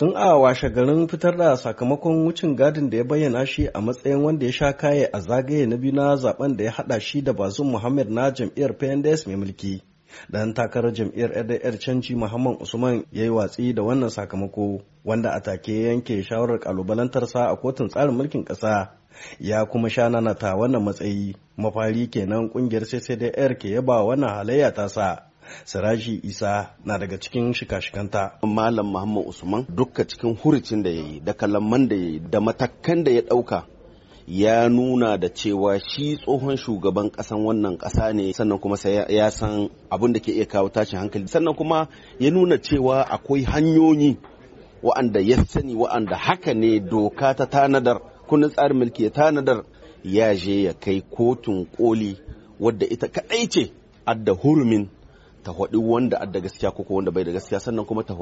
tun a washe garin fitar da sakamakon wucin gadin da ya bayyana shi a matsayin wanda ya sha kaye a zagaye na biyu na zaben da ya hada shi da bazum muhammad na jam'iyyar pnds mai mulki dan takarar jam'iyyar rdr canji muhammad usman ya yi watsi da wannan sakamako wanda a take yanke shawarar kalubalantarsa a kotun tsarin mulkin ƙasa ya kuma sha nanata wannan matsayi mafari kenan kungiyar ccdr ke yaba wannan halayya ta sa siraji isa na daga cikin shika-shikanta malam muhammad usman dukka cikin hurucin da ya yi da kalamman da ya yi da matakan da ya ɗauka ya nuna da cewa shi tsohon shugaban kasan wannan ƙasa ne sannan kuma ya san abin da ke iya kawo tashin hankali sannan kuma ya nuna cewa akwai hanyoyi wa'anda ya sani wa'anda haka ne doka ta tanadar kundin tsarin mulki ya tanadar ya je ya kai kotun koli wadda ita kadai ce adda hurumin ta haɗi wanda adda gaskiya ko wanda bai da gaskiya sannan kuma ta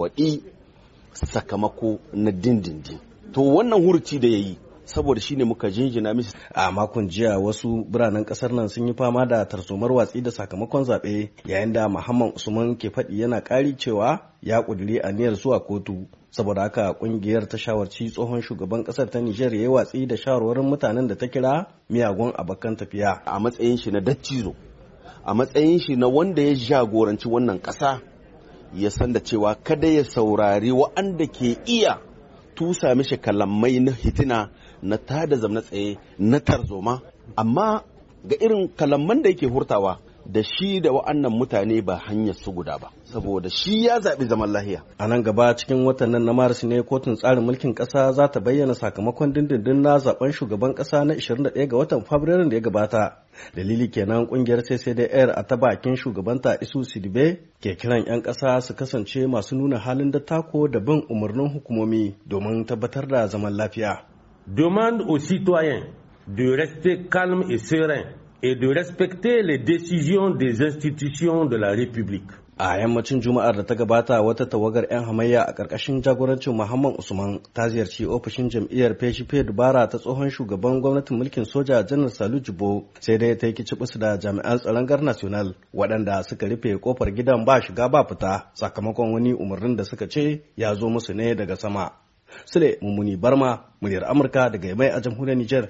sakamako na dindindin to wannan hurci da ya yi saboda shine muka jinjina mishi a makon jiya wasu biranen kasar nan sun yi fama da tarzomar watsi da sakamakon zaɓe yayin da muhammad usman ke faɗi yana ƙari cewa ya ƙudiri aniyar zuwa kotu saboda haka ƙungiyar ta shawarci tsohon shugaban kasar ta nijar ya watsi da shawarwarin mutanen da ta kira miyagun abokan tafiya a matsayin shi na dattizo a matsayin shi na wanda ya jagoranci wannan ƙasa ya san da cewa kada ya saurari wa'anda ke iya tusa mishi kalamai na hitina na tada zamna tsaye na tarzoma amma ga irin kalamman da yake hurtawa da shi da wa'annan mutane ba hanyar su guda ba saboda shi ya zaɓi zaman lahiya a nan gaba cikin watannin na maris ne kotun tsarin mulkin ƙasa za ta bayyana sakamakon dindindin na zaben shugaban ƙasa na 21 ga watan fabrairun da ya gabata dalili kenan kungiyar ccdr a ta bakin shugabanta isu sidibe ke kiran 'yan ƙasa su kasance masu nuna halin da tako da bin umarnin hukumomi domin tabbatar da zaman lafiya demande aux citoyens de rester calme et serein et de respecter les décisions des institutions de la République. a yammacin juma'ar da ta gabata wata tawagar 'yan hamayya a ƙarƙashin jagorancin muhammad usman ta ziyarci ofishin jam'iyyar feshife dubara ta tsohon shugaban gwamnatin mulkin soja janar salu jibo sai dai ta yi da jami'an tsaron gar national waɗanda suka rufe kofar gidan ba shiga ba fita sakamakon wani umarnin da suka ce ya zo musu ne daga sama sule mummuni barma muryar amurka daga mai a jamhuriyar Nijar.